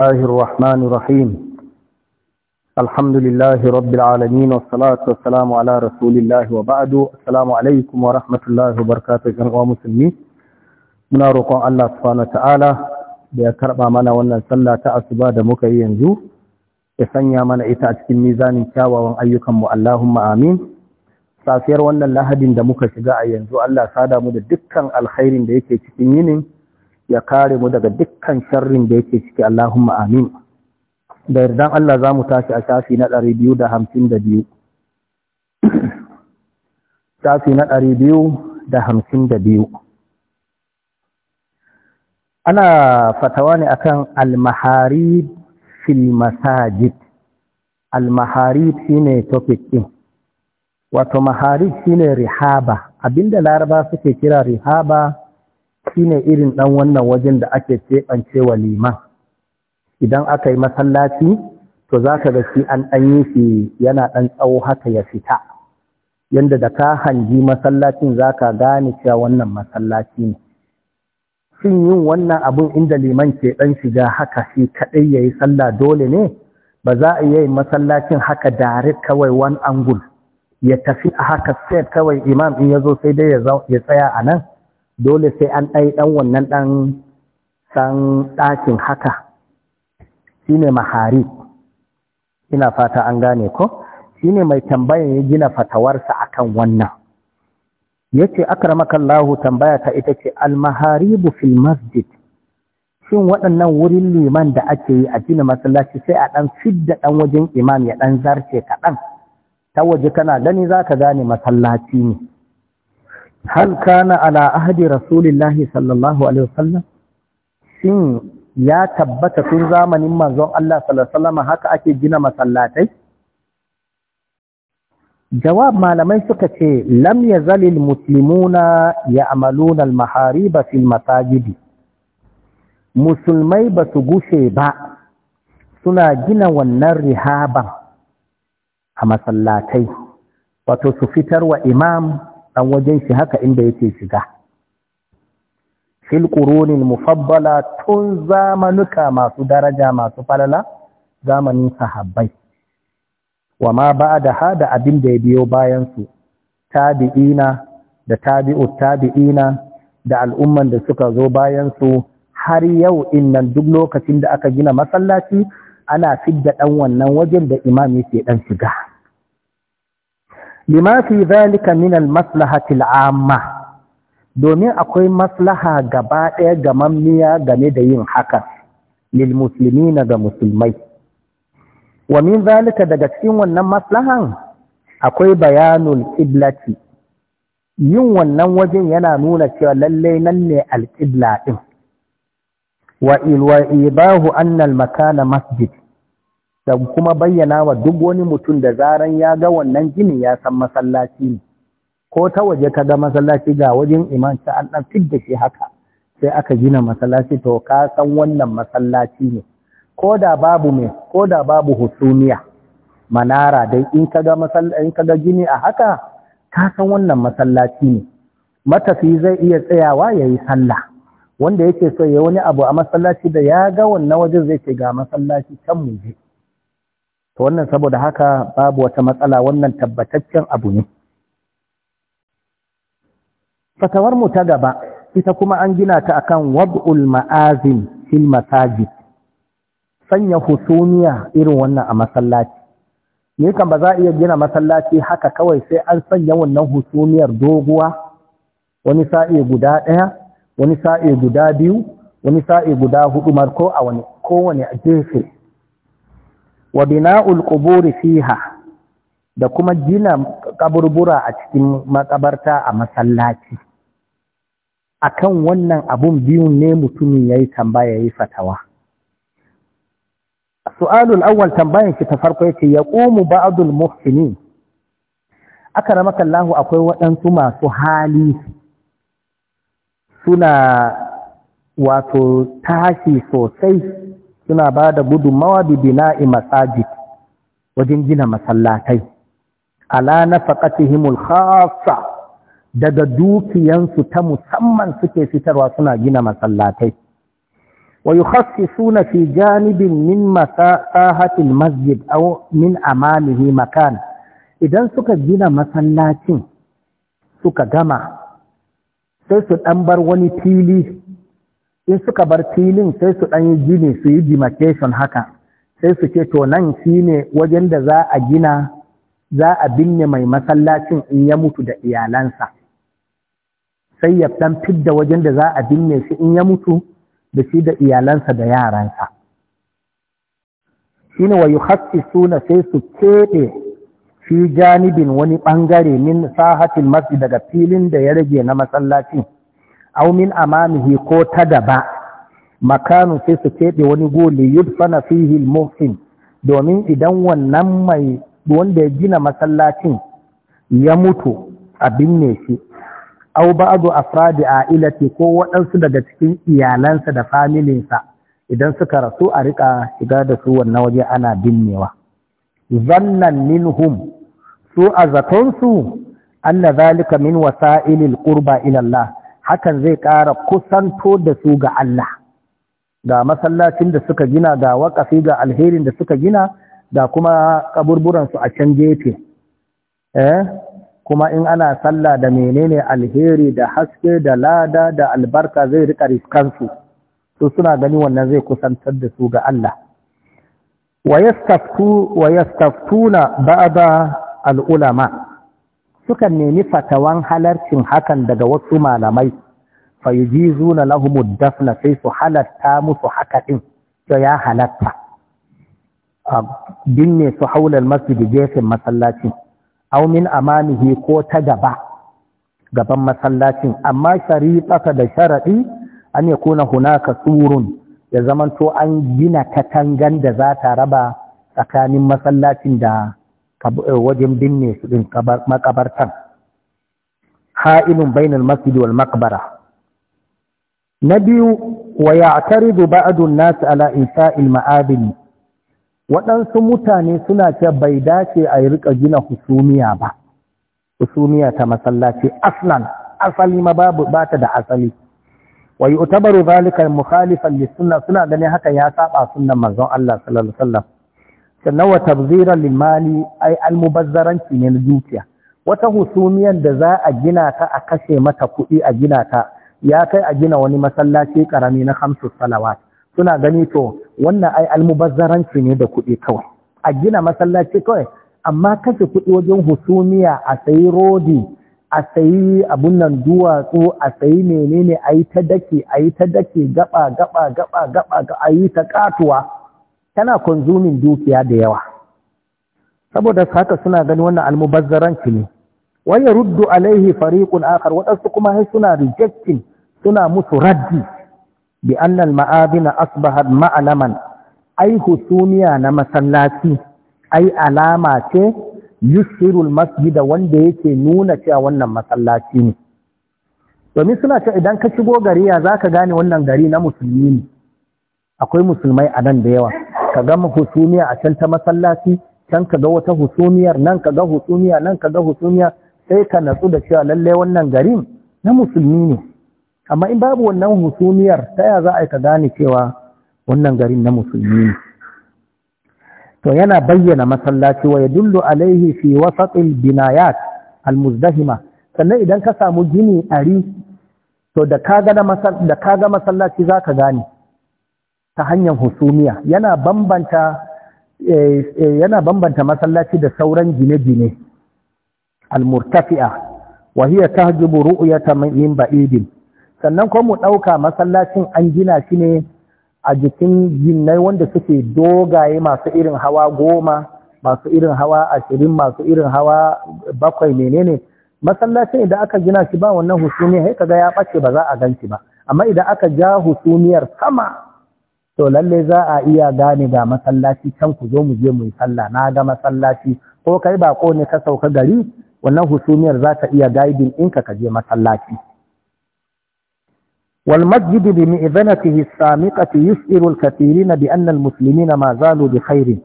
الله الرحمن الرحيم الحمد لله رب العالمين والصلاة والسلام على رسول الله وبعد السلام عليكم ورحمة الله وبركاته جميع muna roƙon Allah subhanahu ta'ala da ya karɓa mana wannan sallah ta asuba da muka yi yanzu ya sanya mana ita a cikin mizanin kyawawan ayyukan mu Allahumma amin safiyar wannan lahadin da muka shiga a yanzu Allah sada mu da dukkan alkhairin da yake cikin yinin ya kare mu daga dukkan sharrin da yake ciki Allahumma amin da yardan Allah za mu tashi a shafi na ɗari shafi na ɗari ana fatawa ne akan maharib fil masajid maharib shine topic ɗin wato mahari shine rihaba abinda laraba suke kira rihaba Shi ne irin ɗan wannan wajen da ake wa liman idan aka yi masallaci to za ka ga shi an ɗan yi shi yana ɗan tsawo haka ya fita yadda da ka hangi masallacin za ka gane cewa wannan masallaci ne shin yin wannan abun inda liman ke ɗan shiga haka shi kaɗai ya yi sallah dole ne ba za a yi masallacin haka dare kawai one angle ya tafi a haka set kawai imam in ya zo sai dai ya tsaya a nan dole sai an ɗai ɗan wannan ɗan san ɗakin haka shi ne mahari ina fata an gane ko shi ne mai tambayan ya gina fatawarsa a kan wannan ya ce Lahu tambaya ta ita ce almaharibu fil masjid shin waɗannan wurin liman da ake yi a gina masallaci sai a ɗan fidda ɗan wajen imam ya ɗan zarce kaɗan ta waje kana gani za ka gane masallaci ne Halkana ala ahdi rasulillahi sallallahu alaihi wasallam shin ya tabbata tun zamanin manzon Allah sallallahu alaihi haka ake gina masallatai jawab malamai suka ce lamya zalil al muslimuna ya'maluna al mahariba fil masajid musulmai ba su gushe ba suna gina wannan rihaban a masallatai wato su fitar wa imam dan wajen shi haka inda yake shiga fil qurunin mufaddala tun zamanuka masu daraja masu falala zamanin sahabbai wa ma da hada abin da ya biyo bayansu, su tabi'ina da tabi'u tabi'ina da al'umman da suka zo bayan su har yau innan duk lokacin da aka gina masallaci ana fidda dan wannan wajen da imam yake ɗan shiga lima fi zalika min al-maslahati domin akwai maslaha gaba ɗaya mammiya game da yin haka lil na ga musulmai wa min zalika daga cikin wannan maslahan akwai bayanul qiblati yin wannan wajen yana nuna cewa lallai nan ne alƙibla ɗin wa ilwa bahu annal makana masjid da kuma bayyana wa duk wani mutum da zaran ya ga wannan ginin ya san masallaci ne ko ta waje ka ga masallaci ga wajen iman ta an dan fidda shi haka sai aka gina masallaci to ka san wannan masallaci ne ko da babu me ko da babu husumiya manara dai in ka ga in ka ga gini a haka ka san wannan masallaci ne matafi zai iya tsayawa yayi sallah wanda yake so ya wani abu a masallaci da ya ga wannan waje zai ce ga masallaci can mu je to wannan saboda haka babu wata matsala wannan tabbataccen abu ne fatawar mu ta gaba ita kuma an gina ta akan wad'ul ma'azin fil masajid sanya husumiya irin wannan a masallaci ne kan ba za a iya gina masallaci haka kawai sai an sanya wannan husumiyar doguwa wani sa'i guda ɗaya wani sa'i guda biyu wani sa'i guda hudu marko a wani kowane a gefe wa bina'ul quburi fiha da kuma gina kaburbura a cikin makabarta a masallaci akan wannan abun biyun ne mutumin yayi tambaya yayi fatawa su'alul awwal tambayan shi ta farko ya yaqumu ba'dul muhsinin aka rama kallahu akwai waɗansu masu hali suna wato tashi sosai suna ba da gudunmawa bi masajid wajen gina masallatai ala nafaqatihim al-khassa daga dukiyansu ta musamman suke fitarwa suna gina masallatai wa yukhassisuna fi janibin min masahati masjid aw min amamihi makan idan suka gina masallacin suka gama sai su ɗan bar wani fili in suka bar filin sai su ɗan yi gini su yi demarcation haka sai su ce to nan shi ne wajen da za a gina za a binne mai masallacin in ya mutu da iyalansa sai ya ɗan fidda wajen da za a binne shi in ya mutu da shi da iyalansa da yaransa shi ne wa yi suna sai su keɓe shi janibin wani ɓangare min sahatin masu daga filin da ya rage na masallacin aumin min amamihi ko ta daba makanu sai su keɓe wani goli yudfana fihi muhsin domin idan wannan mai wanda ya gina masallacin ya mutu a binne shi aw ba'du afradi ailati ko waɗansu daga cikin iyalansa da familinsa idan suka rasu a riƙa shiga da su wannan waje ana binnewa zannan minhum su a zatonsu anna zalika min wasa'ilil ƙurba ilallah hakan zai ƙara kusanto da su ga Allah ga masallacin da suka gina ga waƙafi ga alherin da suka gina ga kuma ƙaburburansu a can gefe eh kuma in ana sallah da menene alheri da haske da lada da albarka zai riƙa riskansu to suna gani wannan zai kusantar da su ga Allah wa yastaftuna ba'da al-ulama suka nemi fatawan halarcin hakan daga wasu malamai zuna lahumud dafna sai su halatta musu haka ɗin to ya halatta a binne su haular masu gefen masallaci aumin min amanihi ko ta gaba gaban masallacin amma shari'a da sharaɗi an ya kuna hunaka tsurun ya zamanto an gina katangan da za ta raba tsakanin masallacin da Eh, wajen binne su ɗin makabartan ha'inun bainal masjid wal maqbara na biyu wa ya'taridu ba'dun nasu ala insha'il ma'abin waɗansu mutane suna ce bai dace a yi rika gina husumiya ba husumiya ta masallaci aslan asali ma babu bata da asali wa yu'tabaru zalika mukhalifan muhalifan sunna suna ganin haka ya saba sunnan manzon Allah sallallahu alaihi wasallam sannan wa tabziran limali ai almubazzaranci ne na dukiya wata husumiyan da za a gina ta a kashe mata kuɗi a gina ta ya kai a gina wani masallaci karami na hamsu salawat suna gani to wannan ai almubazzaranci ne da kuɗi kawai a gina masallaci kawai amma kashe kuɗi wajen husumiya a sayi rodi a sayi abun nan duwatsu a sayi menene a yi ta dake a yi ta dake gaba gaba gaba gaba a yi ta katuwa tana konzumin dukiya da yawa saboda haka suna gani wannan almubazzaranci ne waya ruddu alaihi fariqun akhar wadansu kuma sai suna rejecting suna musu raddi bi anna al-ma'abina asbahat ma'laman ai husumiya na masallaci ai alama ce yusirul masjida wanda yake nuna cewa wannan masallaci ne domin suna cewa idan ka shigo gari ya zaka gane wannan gari na musulmi ne akwai musulmai a nan da yawa ka ga husumiya a can ta masallaci can ka ga wata husumiyar nan ka ga husumiya nan ka ga husumiya sai ka natsu da cewa lallai wannan garin na musulmi ne amma in babu wannan husumiyar ta ya za a ka gane cewa wannan garin na musulmi ne to yana bayyana masallaci wa yadullu alaihi fi wasatil binayat almuzdahima sannan idan ka samu gini ari to da ka ga masallaci za ka gane ta hanyar husumiya eh, eh, yana bambanta masallaci da sauran gine-gine al-murtafi'a wa hiya tahjubu ru'yata min ba'idin sannan kuma mu dauka masallacin an gina shi ne a jikin ginnai wanda suke dogaye masu irin hawa goma masu irin hawa ashirin masu irin hawa bakwai menene masallacin idan aka gina shi ba wannan husumiya sai kaga ya ɓace ba za a shi ba amma idan aka ja husumiyar sama to lalle za a iya gane ga masallaci can ku zo mu je mu sallah na ga masallaci ko kai bako ne ka sauka gari wannan husumiyar za ta iya gaibin in ka je masallaci والمسجد بمئذنته السامقة يشعر الكثيرين بأن المسلمين na زالوا بخير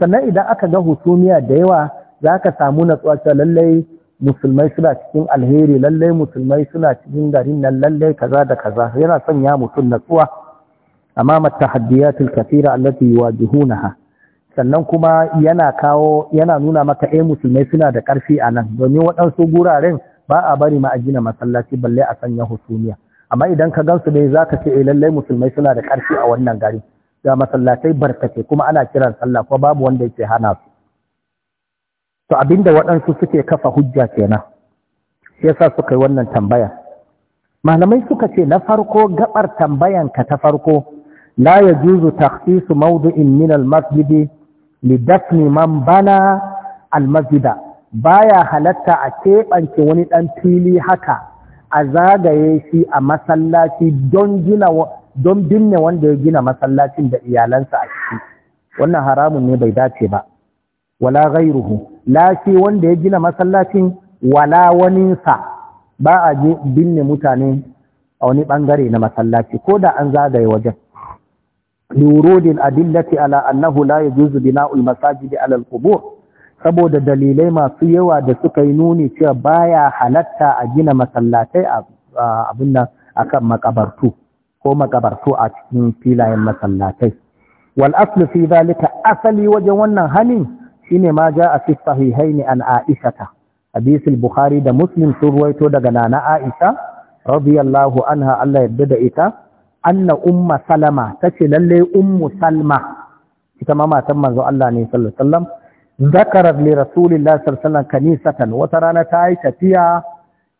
sannan idan aka ga husumiya da yawa za ka samu natsuwa cewa lallai musulmai suna cikin alheri lallai musulmai suna cikin garin nan lallai kaza da kaza yana sanya mutum natsuwa أمام التحديات الكثيرة التي يواجهونها sannan kuma yana kawo yana nuna maka eh musulmai suna da ƙarfi a nan domin waɗansu guraren ba a bari ma a gina masallaci balle a sanya husumiya amma idan ka gan gansu dai ka ce eh lallai musulmai suna da ƙarfi a wannan gari ga masallatai barkace kuma ana kiran sallah ko babu wanda yake hana su to abinda waɗansu suke kafa hujja kenan shi yasa suka yi wannan tambaya malamai suka ce na farko gabar tambayanka ta farko لا يجوز تخصيص موضع من المسجد لدفن من بنى المسجد baya halatta a keɓance wani ɗan fili haka a zagaye shi a masallaci don binne wanda ya gina masallacin da iyalansa a ciki wannan haramun ne bai dace ba wala ghairuhu la shi wanda ya gina masallacin wala waninsa ba a binne mutane a wani ɓangare na masallaci ko da an zagaye wajen لورود الأدلة ala 'Annahu لا يجوز بناء المساجد على القبور saboda dalilai masu yawa da suka yi nuni cewa baya halatta a gina masallatai abin nan akan makabartu ko makabartu a cikin filayen masallatai wal aslu fi asali wajen wannan halin shine ma a fi sahihaini an aishata hadisul bukhari da muslim sun ruwaito daga nana aisha radiyallahu anha Allah yadda da ita anna umma salama tace lalle ummu salma ita ma matan manzo Allah ne sallallahu alaihi wasallam zakarat li sallallahu alaihi wasallam kanisatan wata rana ta yi tafiya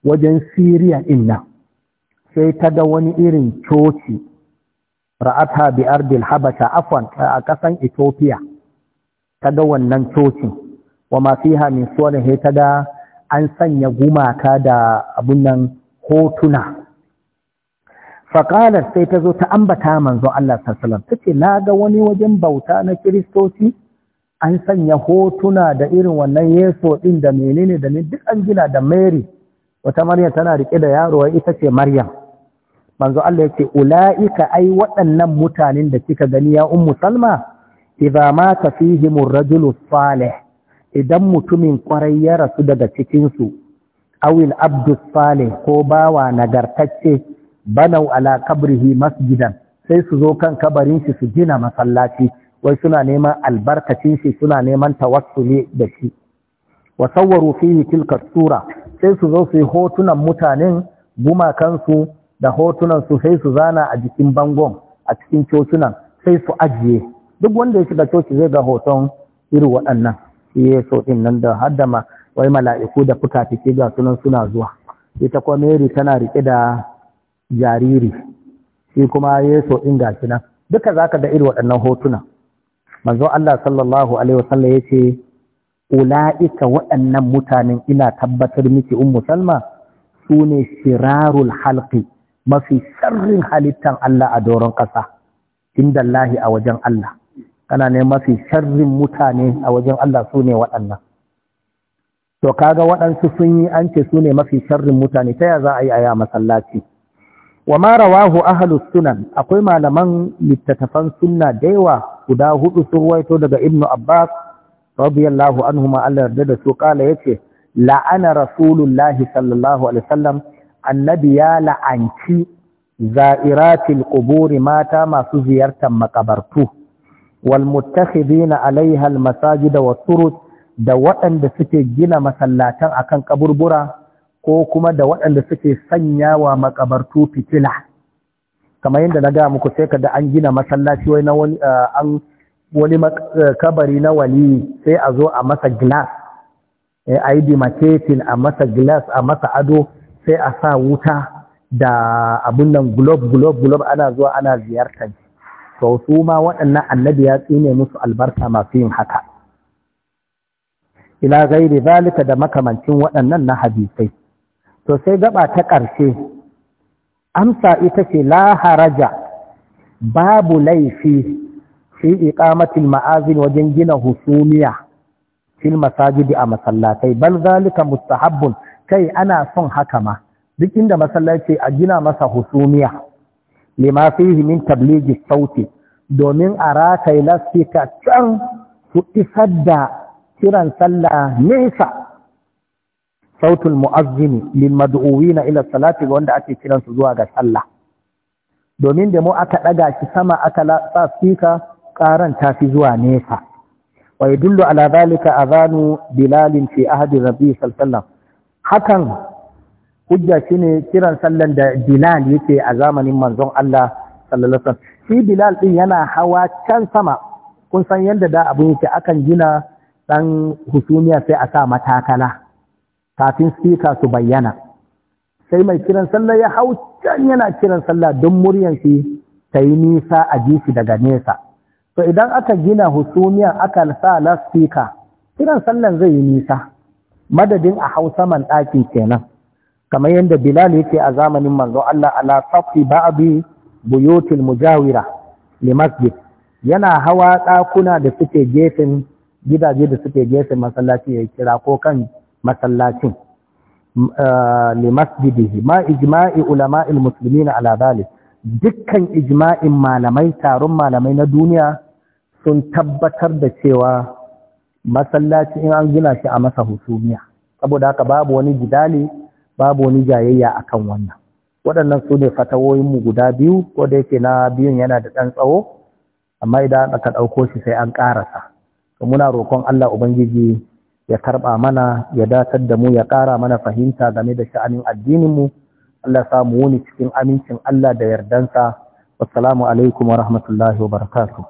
wajen siriya inna sai ta ga wani irin coci ra'ata bi ardil habasha afwan a kasan Ethiopia ta ga wannan cocin wa ma fiha min suwarin ta ga an sanya gumaka da abun nan hotuna faƙalar sai ta zo ta ambata manzon Allah sassalam ta ce na ga wani wajen bauta na kiristoci an sanya hotuna da irin wannan yeso ɗin da menene da ne duk an gina da mary wata maryam tana riƙe da yaro ita ce maryam manzo Allah ya ce ula'ika ai waɗannan mutanen da kika gani ya ummu salma idza ma fihim ar-rajulu salih idan mutumin kwarai ya rasu daga cikin su awil abdus salih ko bawa nagartacce banau ala kabrihi masjidan sai su zo kan kabarin shi su gina masallaci wai suna neman albarkacin shi suna neman tawassuli da shi wa sawwaru fihi tilka sura sai su zo su yi hotunan mutanen gumakansu da hotunan su sai su zana a jikin bangon a cikin cocinan sai su ajiye duk wanda ya shiga coci zai ga hoton irin waɗannan shi ya so din nan da haddama wai mala'iku da fuka ga sunan suna zuwa ita kuma mary tana riƙe da jariri shi kuma yeso in gashi nan duka zaka ga irin waɗannan hotuna manzo Allah sallallahu alaihi wasallam yace ula'ika waɗannan mutanen ina tabbatar miki ummu salma sune shirarul halqi mafi sharrin halittan Allah a doron ƙasa inda Allah a wajen Allah kana ne mafi sharrin mutane a wajen Allah su waɗannan to kaga waɗansu sun yi an ce su mafi sharrin mutane ta ya za a yi a ya masallaci wa ma rawahu ahlus sunan akwai malaman littattafan sunna da yawa guda hudu sun waito daga ibnu abbas radiyallahu anhuma Allah yarda da su kala yace la'ana rasulullahi sallallahu alaihi wasallam annabi ya la'anci za'iratil quburi mata masu ziyartar makabartu wal muttakhidina alaiha al wa turut da waɗanda suke gina masallatan akan kaburbura ko kuma da waɗanda suke sanya wa makabartu fitila kamar yadda na gaya muku sai ka da an gina masallaci wai na wani eh, an eh, kabari na wali sai a zo a masa glass eh, a yi dimaketin a masa glass a masa ado sai a sa wuta da abin nan glob glob glob ana zuwa ana ziyartar to su ma waɗannan annabi ya tsine musu albarka masu yin haka ila gairi zalika da makamancin waɗannan na hadisai to sai gaba ta ƙarshe amsa ita ce la haraja babu laifi fi iqamatil ma'azin wajen gina husumiya fil masajidi a masallatai bal zalika mustahabbun kai ana son haka ma duk inda masallaci a gina masa husumiya lima fihi min tabligi sauti domin a ratai lasfika can su isar da kiran sallah nesa sautul mu'azzini lil mad'uwina ila salati ga wanda ake kiran su zuwa ga sallah domin da mu aka daga shi sama aka sa sika karan ta fi zuwa nesa wa yadullu ala zalika adhanu bilal fi ahdi rabbi sallallahu hakan hujja shine kiran sallan da bilal yake a zamanin manzon Allah sallallahu alaihi wasallam shi bilal din yana hawa can sama kun san yadda da abun yake akan gina dan husumiya sai a sa matakala kafin sika su bayyana sai mai kiran sallah ya hau can yana kiran sallah don muryan shi ta yi nisa a ji shi daga nesa to idan aka gina husumiyan aka sa sika kiran sallan zai yi nisa madadin a hau saman ɗaki kenan kamar yadda bilal yake a zamanin manzo Allah ala safi ba'abi buyutil mujawira li masjid yana hawa ɗakuna da suke gefen gidaje da suke gefen masallaci ya kira ko kan masallacin eh, li masjidihi ma ijma'i ulama'il muslimin ala dukkan ijma'in malamai taron malamai na duniya sun tabbatar da cewa masallaci in an gina shi a masa husumiya saboda haka babu wani jidali babu wani jayayya akan wannan waɗannan su ne mu guda biyu ko da yake na biyun yana da ɗan tsawo amma idan aka ɗauko shi sai an ƙarasa muna roƙon Allah Ubangiji ya karɓa mana ya datar da mu ya ƙara mana fahimta game da sha'anin addininmu Allah samu wuni cikin amincin Allah da yardansa wassalamu alaikum wa rahmatullahi wa barakatuh